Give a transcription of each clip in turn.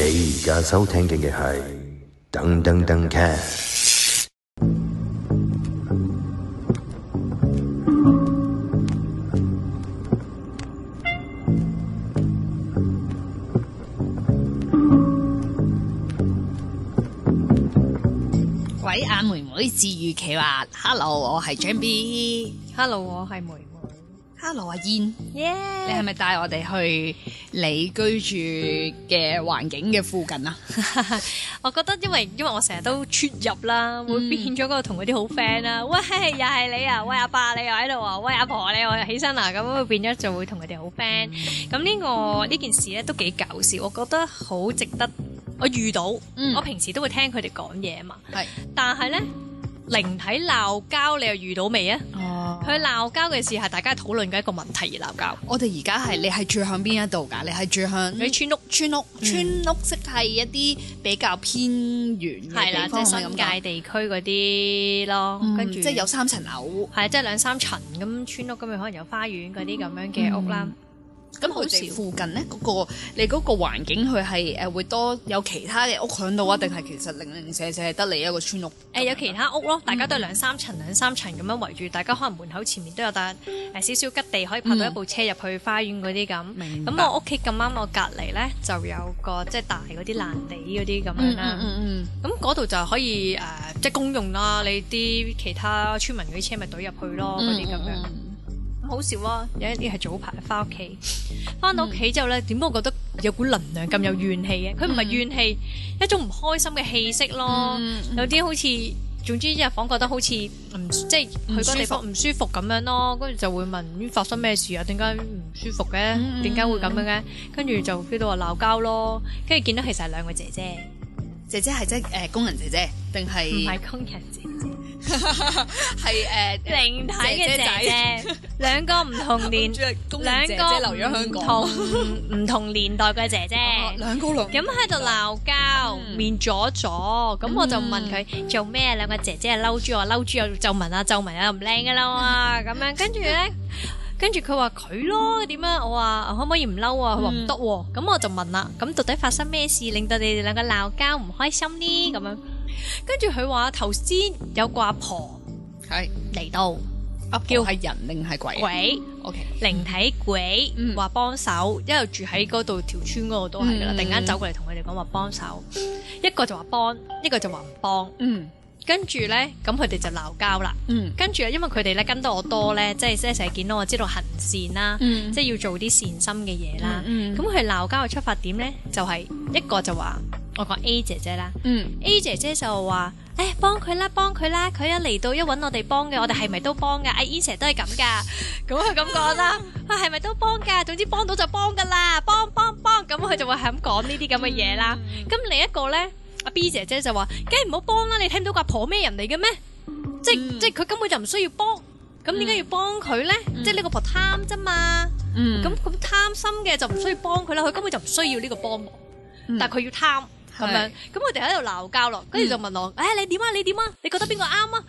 你而家收聽嘅係噔噔噔 Cast。鬼眼妹妹治癒奇話，Hello，我係 Jen B，Hello，我係梅。哈羅阿燕，Hello, Yeah. 你係咪帶我哋去你居住嘅環境嘅附近啊？ 我覺得因為因為我成日都出入啦，嗯、會變咗嗰個同佢啲好 friend 啦。喂，又係你啊？喂阿爸，爸你又喺度啊？喂阿婆你又起身啊？咁變咗就會同佢哋好 friend。咁呢、嗯，這個呢、嗯、件事咧都幾搞笑，我覺得好值得我遇到。嗯、我平時都會聽佢哋講嘢嘛，是是但係咧。靈體鬧交，你又遇到未啊？哦，佢鬧交嘅事係大家討論緊一個問題而鬧交。我哋而家係你係住響邊一度㗎？你係住響？你村屋，村屋，嗯、村屋，即係一啲比較偏遠嘅地方，即係新界地區嗰啲咯。跟住、嗯、著即係有三層樓。係，即係兩三層咁村屋，咁佢可能有花園嗰啲咁樣嘅屋啦。嗯咁佢哋附近咧，嗰、那個你嗰個環境，佢係誒會多有其他嘅屋響度啊？定係其實零零舍舍得你一個村屋？誒、嗯呃、有其他屋咯，大家都係兩三層、嗯、兩三層咁樣圍住，大家可能門口前面都有得，誒少少吉地，可以拍到一部車入去花園嗰啲咁。咁白我屋企咁啱，我隔離咧就有個即係、就是、大嗰啲爛地嗰啲咁樣啦、嗯。嗯咁嗰度就可以誒，即、呃、係、就是、公用啦。你啲其他村民嗰啲車咪隊入去咯，嗰啲咁樣。嗯嗯好笑咯！有一啲係早排翻屋企，翻到屋企之後咧，點解我覺得有股能量咁有怨氣嘅？佢唔係怨氣，嗯、一種唔開心嘅氣息咯。嗯嗯、有啲好似，總之入房覺得好似唔即係去個地方唔舒服咁樣咯。跟住就會問發生咩事啊？點解唔舒服嘅？點解、嗯、會咁樣嘅？跟住就 feel 到話鬧交咯。跟住見到其實係兩個姐姐，姐姐係即係誒工人姐姐定係？唔係工人姐。係誒，靈體嘅姐姐，兩個唔同年，兩個唔同年代嘅姐姐，兩個兩咁喺度鬧交，面阻阻，咁我就問佢做咩？兩個姐姐係嬲住我，嬲住我，就問我，皺紋啊唔靚噶啦嘛，咁樣跟住咧，跟住佢話佢咯，點樣？我話可唔可以唔嬲啊？佢話唔得，咁我就問啦，咁到底發生咩事令到你哋兩個鬧交唔開心呢？咁樣。跟住佢話頭先有個阿婆係嚟到，阿嬌係人定係鬼？鬼，O K，靈體鬼，話、嗯、幫手，一路住喺嗰度條村嗰度都係噶啦，嗯、突然間走過嚟同佢哋講話幫手，一個就話幫，一個就話唔幫，嗯跟，跟住咧，咁佢哋就鬧交啦，嗯，跟住因為佢哋咧跟得我多咧，即係即係成日見到我知道行善啦，嗯、即係要做啲善心嘅嘢啦，嗯，咁佢鬧交嘅出發點咧就係、是、一個就話。我講 A 姐姐啦，A 姐姐就話：，誒，幫佢啦，幫佢啦，佢一嚟到一搵我哋幫嘅，我哋係咪都幫噶？阿 E 成日都係咁噶，咁佢咁講啦，啊，係咪都幫噶？總之幫到就幫噶啦，幫幫幫，咁佢就會係咁講呢啲咁嘅嘢啦。咁另一個咧，阿 B 姐姐就話：，梗係唔好幫啦，你聽唔到個阿婆咩人嚟嘅咩？即係即係佢根本就唔需要幫，咁點解要幫佢咧？即係呢個婆貪啫嘛，咁咁貪心嘅就唔需要幫佢啦，佢根本就唔需要呢個幫忙，但佢要貪。咁樣，咁我哋喺度鬧交咯，跟住就問我：，唉、嗯哎，你點啊？你點啊？你覺得邊個啱啊？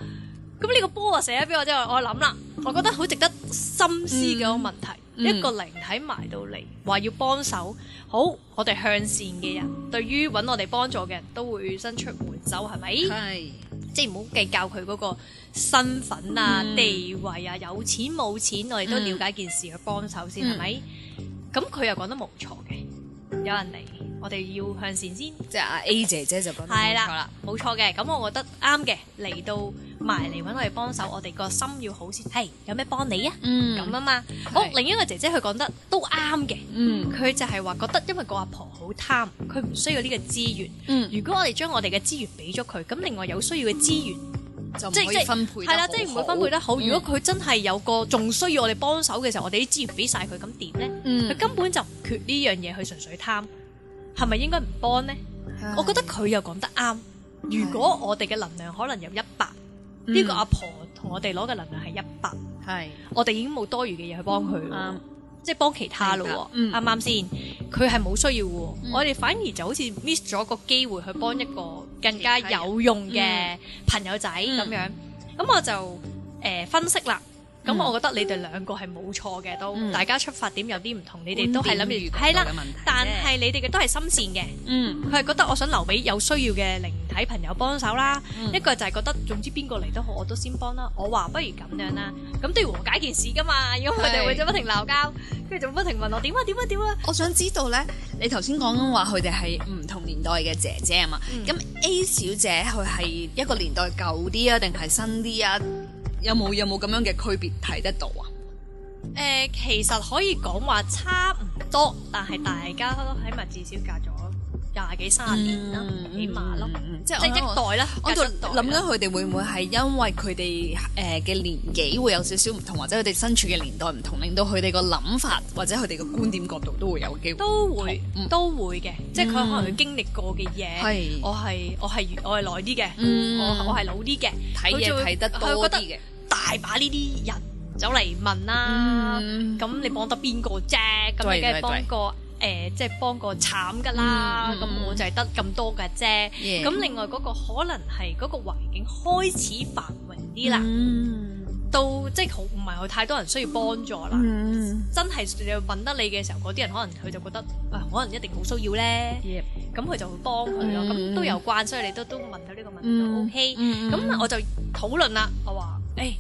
咁呢個波啊，射喺邊啊？即係我諗啦，我覺得好值得深思嘅個問題。嗯、一個靈體埋到嚟，話要幫手，好，我哋向善嘅人，對於揾我哋幫助嘅人都會伸出援手，係咪？係是，即係唔好計較佢嗰個身份啊、嗯、地位啊、有錢冇錢，我哋都了解件事去幫手先，係咪？咁佢、嗯嗯、又講得冇錯嘅，有人嚟。我哋要向善先，即係阿 A 姐姐就講，係啦，冇錯嘅。咁我覺得啱嘅，嚟到埋嚟揾我哋幫手，我哋個心要好先。係、hey, 有咩幫你啊？咁啊嘛。哦，另一個姐姐佢講得都啱嘅，佢、嗯、就係話覺得因為個阿婆好貪，佢唔需要呢個資源。嗯、如果我哋將我哋嘅資源俾咗佢，咁另外有需要嘅資源、嗯、就分配得好即係即係係啦，即係唔會分配得好。嗯、如果佢真係有個仲需要我哋幫手嘅時候，我哋啲資源俾晒佢，咁點咧？佢、嗯、根本就唔缺呢樣嘢，佢純粹貪。係咪應該唔幫呢？是我覺得佢又講得啱。如果我哋嘅能量可能有一百是，呢個阿婆同我哋攞嘅能量係一百，係我哋已經冇多餘嘅嘢去幫佢咯，嗯、即係幫其他咯，啱啱先？佢係冇需要，嗯、我哋反而就好似 miss 咗個機會去幫一個更加有用嘅朋友仔咁、嗯、樣。咁、嗯、我就誒、呃、分析啦。咁我覺得你哋兩個係冇錯嘅，都大家出發點有啲唔同，你哋都係諗住係啦，但係你哋嘅都係心善嘅，嗯，佢係覺得我想留俾有需要嘅靈體朋友幫手啦，一個就係覺得總之邊個嚟都好，我都先幫啦。我話不如咁樣啦，咁都要和解件事噶嘛，因為佢哋會咁不停鬧交，跟住就不停問我點啊點啊點啊，我想知道咧，你頭先講話佢哋係唔同年代嘅姐姐啊嘛，咁 A 小姐佢係一個年代舊啲啊，定係新啲啊？有冇有冇咁樣嘅區別睇得到啊？呃，其實可以講話差唔多，但係大家起碼至少隔咗。廿幾卅年啦，起碼咯，即係一代啦。我度諗緊佢哋會唔會係因為佢哋誒嘅年紀會有少少唔同，或者佢哋身處嘅年代唔同，令到佢哋個諗法或者佢哋個觀點角度都會有機會。都會，都會嘅。即係佢可能佢經歷過嘅嘢，我係我係我係耐啲嘅，我我係老啲嘅，睇嘢睇得多啲佢覺得大把呢啲人走嚟問啦。咁你幫得邊個啫？咁你梗係幫過。誒、呃，即係幫個慘㗎啦，咁、嗯嗯、我就係得咁多㗎啫。咁 Yeah. 另外嗰個可能係嗰個環境開始繁榮啲啦，mm. 到即係好唔係有太多人需要幫助啦。Mm. 真係又問得你嘅時候，嗰啲人可能佢就覺得，啊、哎，可能一定好需要咧。咁佢 Yep. 就會幫佢咯。咁、mm. 嗯嗯、都有關，所以你都都問到呢個問題。O K，咁我就討論啦。我話，誒、欸。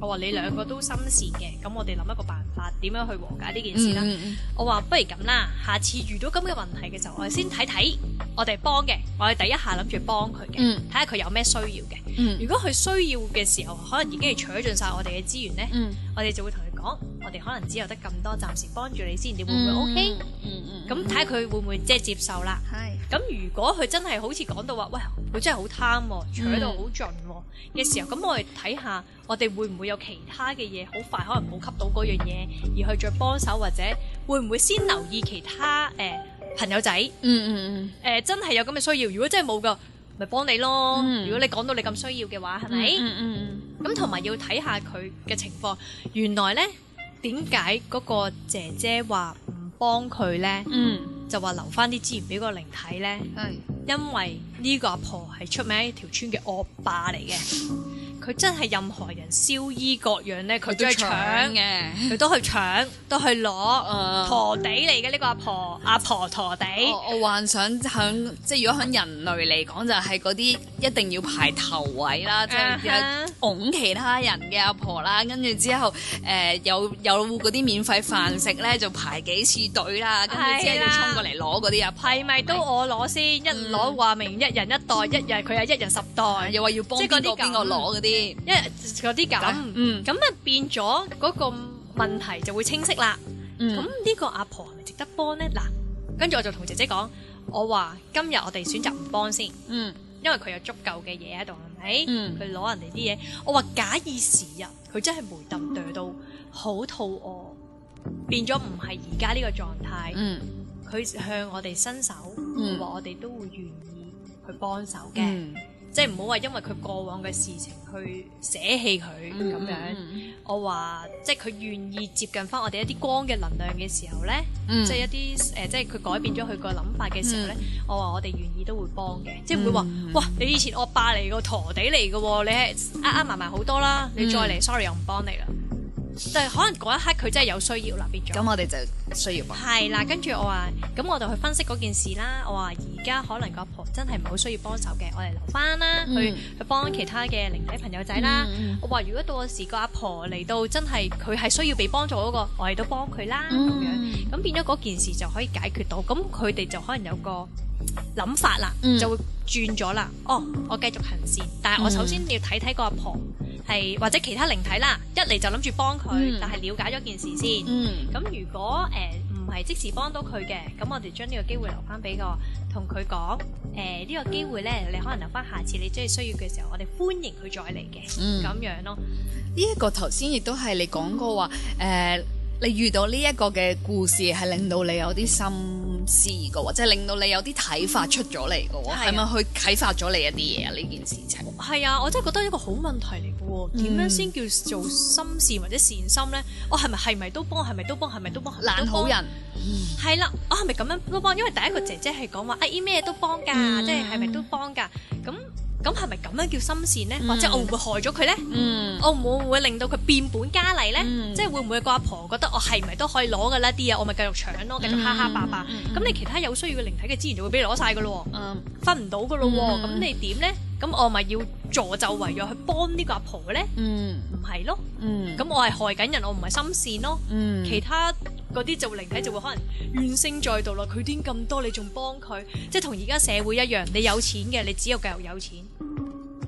我話你兩個都心善嘅，咁我哋諗一個辦法，點樣去和解呢件事啦。嗯、我話不如咁啦，下次遇到咁嘅問題嘅時候，嗯、我哋先睇睇，我哋幫嘅，我哋第一下諗住幫佢嘅，睇下佢有咩需要嘅。嗯、如果佢需要嘅時候，可能已經係取盡晒我哋嘅資源咧，嗯、我哋就會同。哦、我哋可能只有得咁多，暫時幫住你先，你會唔會 OK？咁睇下佢會唔會即係接受啦。咁係如果佢真係好似講到話，喂佢真係好貪，搶到好盡嘅時候，咁我哋睇下我哋會唔會有其他嘅嘢好快可能冇吸到嗰樣嘢，而去再幫手，或者會唔會先留意其他誒、呃、朋友仔？嗯嗯嗯，誒、嗯嗯呃、真係有咁嘅需要，如果真係冇㗎。咪幫你咯，嗯、如果你講到你咁需要嘅話，係咪？咁同埋要睇下佢嘅情況。原來呢，點解嗰個姐姐話唔幫佢呢？嗯、就話留翻啲資源俾個靈體呢。嗯、因為呢個阿婆係出名一條村嘅惡霸嚟嘅。佢真係任何人燒衣各樣咧，佢都係搶嘅，佢搶的 都去搶 都去攞拿、嗯、陀地嚟嘅呢個阿婆，阿婆陀地。我，我幻想響，即係如果響人類嚟講就係、是、啲一定要排頭位啦，uh huh。就去拱其他人嘅阿婆啦，跟住之後誒、欸、有有嗰啲免費飯食咧，就排幾次隊啦，跟住之後就衝過嚟攞嗰啲啊，係咪、嗯、都我攞先？一攞話明一人一袋，一日佢係一人十袋，嗯、又話要幫邊個邊個攞嗰啲。因為嗰啲咁，咁啊、嗯、變咗嗰個問題就會清晰啦。咁呢、嗯、個阿婆係咪值得幫咧？嗱、嗯，跟住我就同姐姐講，我話今日我哋選擇唔幫先，嗯、因為佢有足夠嘅嘢喺度，係咪、嗯？佢攞人哋啲嘢，我話假以時日，佢真係梅揼對到好肚餓，變咗唔係而家呢個狀態。佢、嗯、向我哋伸手，嗯、我話我哋都會願意去幫手嘅。嗯即係唔好話因為佢過往嘅事情去捨棄佢咁樣，我話即係佢願意接近翻我哋一啲光嘅能量嘅時候咧、嗯呃，即係一啲誒，即係佢改變咗佢個諗法嘅時候咧，嗯、我話我哋願意都會幫嘅，即係唔會話，嗯嗯、哇，你以前惡霸嚟個陀地嚟噶，你係壓壓埋埋好多啦，嗯、你再嚟、嗯、，sorry，我唔幫你啦。就可能嗰一刻佢真係有需要啦，變咗。咁我哋就需要嘛。係啦，跟住我話，咁我就去分析嗰件事啦。我話而家可能個阿婆真係唔好需要幫手嘅，我哋留翻啦，嗯、去去幫其他嘅鄰居朋友仔啦。嗯、我話如果到時個阿婆嚟到真係佢係需要被幫助嗰、嗰個，我哋都幫佢啦。咁、嗯、樣咁變咗嗰件事就可以解決到，咁佢哋就可能有個諗法啦，嗯、就會轉咗啦。哦，我繼續行善，但係我首先要睇睇個阿婆。係或者其他靈體啦，一嚟就諗住幫佢，嗯、但係了解咗件事先。咁、嗯嗯、如果誒唔係即時幫到佢嘅，咁我哋將呢個機會留翻俾個同佢講誒呢、呃呢個機會咧，你可能留翻下，下次你真係需要嘅時候，我哋歡迎佢再嚟嘅咁樣咯。呢一個頭先亦都係你講過話誒、嗯呃，你遇到呢一個嘅故事係令到你有啲心思嘅，或、就、者、是、令到你有啲睇法出咗嚟嘅，係咪、嗯、去啟發咗你一啲嘢啊？呢件事情係啊，我真係覺得一個好問題嚟。點樣先叫做心善或者善心咧？我係咪係咪都幫？係咪都幫？係咪都幫？懶好人係啦，我係咪咁樣都幫？因為第一個姐姐係講話誒咩都幫噶即係係咪都幫噶咁咁係咪咁樣叫心善咧？或者我會唔會害咗佢咧？我唔會唔會令到佢變本加厲咧？即係會唔會個阿婆覺得我係咪都可以攞噶啦啲嘢？我咪繼續搶咯，繼續哈哈霸霸。咁你其他有需要嘅靈體嘅資源就會俾你攞晒噶咯，分唔到噶咯。咁你點咧？咁我咪要助紂為虐去幫呢個阿婆咧？唔係、嗯、咯，咁、嗯、我係害緊人，我唔係心善咯。嗯、其他嗰啲做靈體就會可能怨聲載道咯。佢、嗯、癲咁多，你仲幫佢，嗯、即係同而家社會一樣。你有錢嘅，你只有繼續有錢。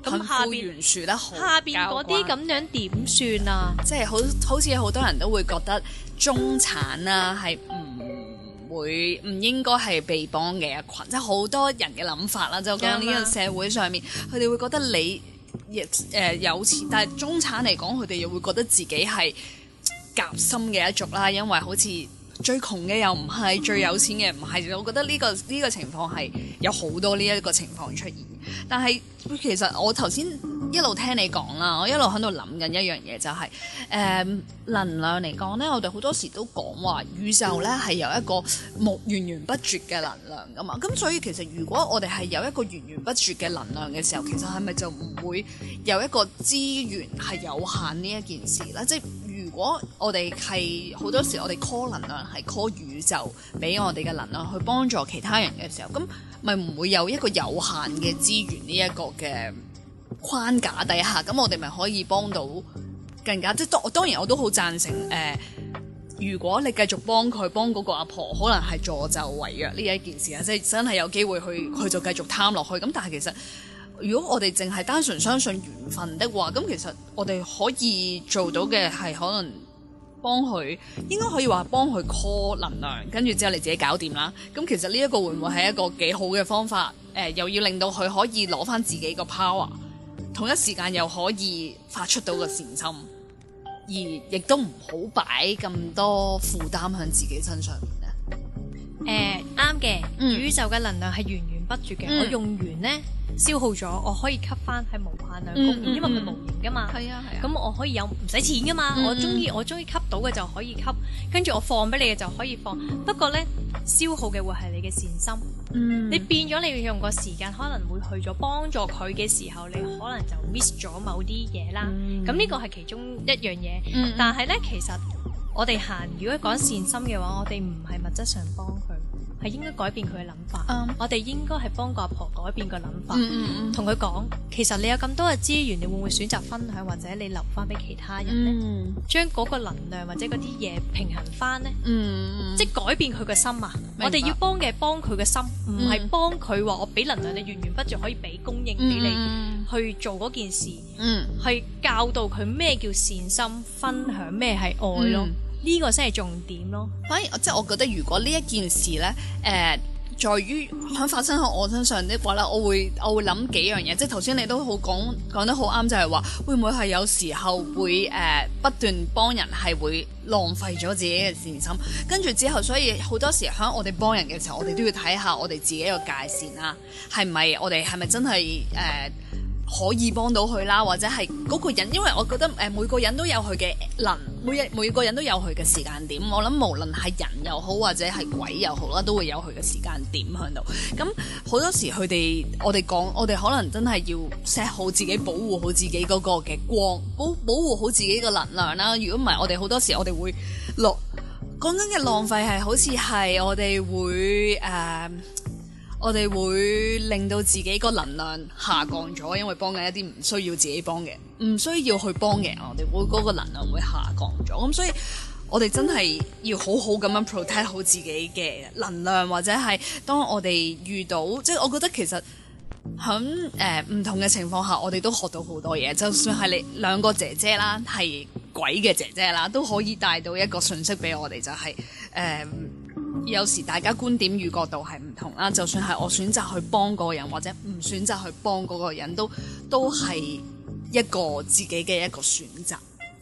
咁、嗯、下邊懸殊得好交關，下邊嗰啲咁樣點算啊？即係、嗯、好好似好多人都會覺得中產啊。係。會唔應該係被幫嘅一群，即係好多人嘅諗法啦。就講呢個社會上面，佢哋會覺得你亦誒有錢，但係中產嚟講，佢哋又會覺得自己係夾心嘅一族啦。因為好似最窮嘅又唔係，最有錢嘅唔係，我覺得呢個呢個情況係有好多呢一個情況出現。但係，其實我頭先一路聽你講啦，我一路喺度諗緊一樣嘢，就是，就係，誒，能量嚟講呢，我哋好多時都講話宇宙呢係有一個木源源不絕嘅能量噶嘛，咁所以其實如果我哋係有一個源源不絕嘅能量嘅時候，其實係咪就唔會有一個資源係有限呢一件事咧？即係如果我哋係好多時我哋 call 能量係 call 宇宙俾我哋嘅能量去幫助其他人嘅時候，咁。咪唔會有一個有限嘅資源呢一個嘅框架底下，咁我哋咪可以幫到更加即係當我當然我都好贊成，誒、呃，如果你繼續幫佢幫嗰個阿婆，可能係助紂為虐呢一件事啊，即係真係有機會去佢就繼續貪落去。咁但係其實如果我哋淨係單純相信緣分的話，咁其實我哋可以做到嘅係可能。幫佢，應該可以話幫佢 call 能量，跟住之後你自己搞掂啦。咁其實呢一個會唔會係一個幾好嘅方法？誒、呃，又要令到佢可以攞翻自己個 power，同一時間又可以發出到個善心，而亦都唔好擺咁多負擔響自己身上面咧。誒，啱嘅，呃，宇宙嘅能量係源源不絕嘅，嗯，我用完呢，消耗咗，我可以吸翻係無限量供應，嗯嗯嗯，因為佢無形噶嘛，係啊係啊，咁，啊，我可以有唔使錢噶嘛，嗯，我中意我中意吸到嘅就可以吸，跟住我放俾你嘅就可以放，嗯，不過呢，消耗嘅會係你嘅善心，嗯，你變咗你要用個時間，可能會去咗幫助佢嘅時候，你可能就 miss 咗某啲嘢啦，咁，嗯嗯，呢個係其中一樣嘢，但係呢，其實。其實我哋行，如果講善心嘅話，我哋唔係物質上幫佢，係應該改變佢嘅諗法。Um, 我哋應該係幫個阿婆改變個諗法，同佢講，其實你有咁多嘅資源，你會唔會選擇分享，或者你留翻俾其他人呢？將嗰、um, 個能量或者嗰啲嘢平衡翻呢？Um, um, 即係改變佢嘅心啊！Um, 我哋要幫嘅係幫佢嘅心，唔係幫佢話我俾能量，你源源不絕可以俾供應俾你。Um, um, um, um, um, um, 去做嗰件事，嗯，去教導佢咩叫善心，嗯、分享咩係愛咯，呢、嗯、個先係重點咯。反而即係、就是、我覺得，如果呢一件事咧，誒、呃，在於響發生喺我身上的話咧，我會我會諗幾樣嘢。即係頭先你都好講講得好啱，就係話會唔會係有時候會誒、呃、不斷幫人係會浪費咗自己嘅善心，跟住之後，所以好多時響我哋幫人嘅時候，我哋都要睇下我哋自己一個界線啊，係唔係我哋係咪真係誒。呃可以幫到佢啦，或者係嗰個人，因為我覺得誒每個人都有佢嘅能，每日每個人都有佢嘅時間點。我諗無論係人又好，或者係鬼又好啦，都會有佢嘅時間點喺度。咁好多時佢哋，我哋講，我哋可能真係要 set 好自己，保護好自己嗰個嘅光，保保護好自己嘅能量啦。如果唔係，我哋好多時我哋會落講緊嘅浪費係好似係我哋會誒。呃我哋會令到自己個能量下降咗，因為幫緊一啲唔需要自己幫嘅，唔需要去幫嘅，我哋會嗰個能量會下降咗。咁所以我哋真係要好好咁樣 protect 好自己嘅能量，或者係當我哋遇到，即係我覺得其實喺誒唔同嘅情況下，我哋都學到好多嘢。就算係你兩個姐姐啦，係鬼嘅姐姐啦，都可以帶到一個訊息俾我哋，就係誒。呃有時大家觀點與角度係唔同啦，就算係我選擇去幫嗰個人或者唔選擇去幫嗰個人，都都係一個自己嘅一個選擇，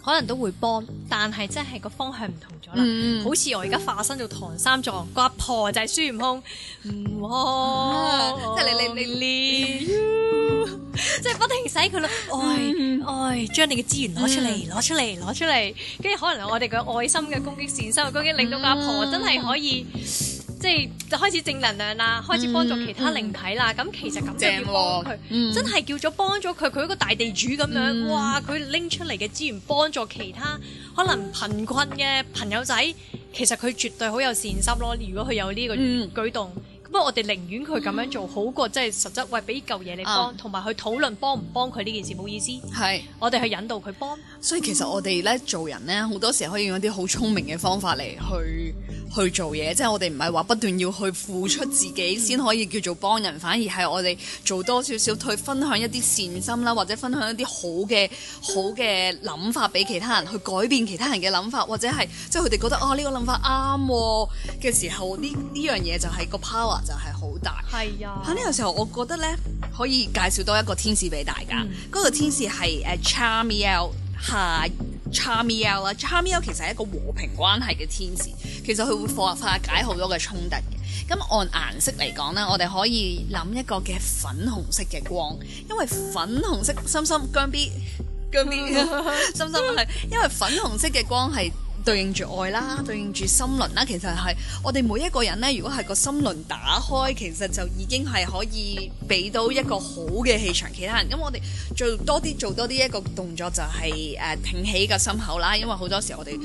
可能都會幫，但係真係個方向唔同咗啦。嗯、好似我而家化身做唐三藏，個阿婆就係孫悟空，唔即係你你你。你你你你 即係 不停使佢咯，愛愛將你嘅資源攞出嚟，攞、嗯、出嚟，攞出嚟，跟住可能我哋嘅愛心嘅攻擊線、善心嘅攻擊，令到阿婆，婆真係可以，即係就是、開始正能量啦，開始幫助其他靈體啦。咁、嗯、其實咁就幫、啊、叫幫佢，真係叫咗幫咗佢。佢一個大地主咁樣，嗯、哇！佢拎出嚟嘅資源幫助其他，可能貧困嘅朋友仔，其實佢絕對好有善心咯。如果佢有呢個舉動。嗯不過我哋寧願佢咁樣做好過，即係實質喂，俾嚿嘢你幫，同埋、um, 去討論幫唔幫佢呢件事冇意思。係是我哋去引導佢幫。所以其實我哋咧做人咧，好多時候可以用一啲好聰明嘅方法嚟,去去做嘢。即係我哋唔係話不斷要去付出自己先可以叫做幫人，反而係我哋做多少少去分享一啲善心啦，或者分享一啲好嘅好嘅諗法俾其他人去改變其他人嘅諗法，或者係即係佢哋覺得啊呢、哦這個諗法啱嘅，哦、時候，呢呢樣嘢就係個 power。就係好大，係啊！嚇，呢個時候我覺得咧，可以介紹多一個天使俾大家。嗰、嗯、個天使係誒、uh, Charmiel，下 Charmiel 啦，Charmiel 其實係一個和平關係嘅天使，其實佢會化化解好多嘅衝突嘅。咁按顏色嚟講咧，我哋可以諗一個嘅粉紅色嘅光，因為粉紅色深深 Jen B Jen B，深深係因為粉紅色嘅光係，對應住愛啦，對應住心輪啦。其實係我哋每一個人呢，如果係個心輪打開，其實就已經係可以俾到一個好嘅氣場其他人。咁我哋做多啲，做多啲一個動作就係、是、誒、呃、挺起個心口啦。因為好多時我哋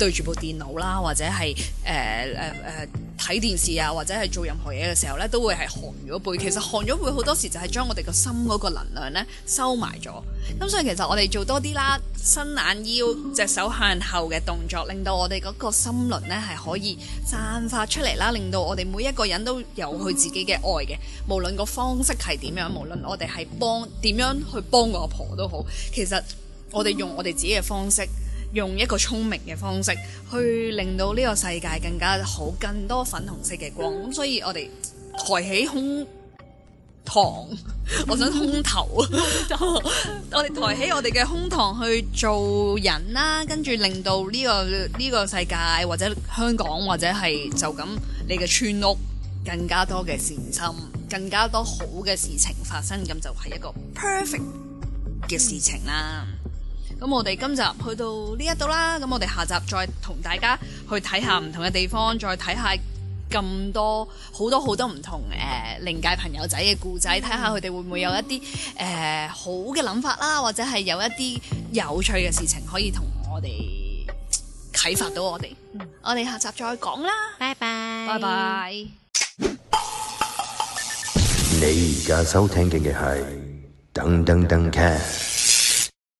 對住部電腦啦，或者係誒誒誒睇電視啊，或者係做任何嘢嘅時候呢，都會係寒咗背。其實寒咗背好多時就係將我哋個心嗰個能量呢收埋咗。咁所以其實我哋做多啲啦，伸懶腰隻手向後嘅動作，令到我哋嗰個心輪呢係可以散發出嚟啦。令到我哋每一個人都有佢自己嘅愛嘅，無論個方式係點樣，無論我哋係幫點樣去幫個阿婆都好，其實我哋用我哋自己嘅方式。用一個聰明嘅方式去令到呢個世界更加好，更多粉紅色嘅光。咁所以我哋抬起胸膛， 我想胸頭， 我哋抬起我哋嘅胸膛去做人啦。跟住令到呢個呢個世界，或者香港，或者係就咁你嘅村屋，更加多嘅善心，更加多好嘅事情發生，咁就係一個 perfect 嘅事情啦。 咁我哋今集去到呢一度啦，咁我哋下集再同大家去睇下唔同嘅地方，再睇下咁多好多好多唔同誒靈、呃、界朋友仔嘅故仔，睇下佢哋會唔會有一啲誒、呃、好嘅諗法啦，或者係有一啲有趣嘅事情可以同我哋啟發到我哋。嗯、我哋下集再講啦，拜拜 bye，拜拜 bye。你而家收聽嘅係噔噔噔 c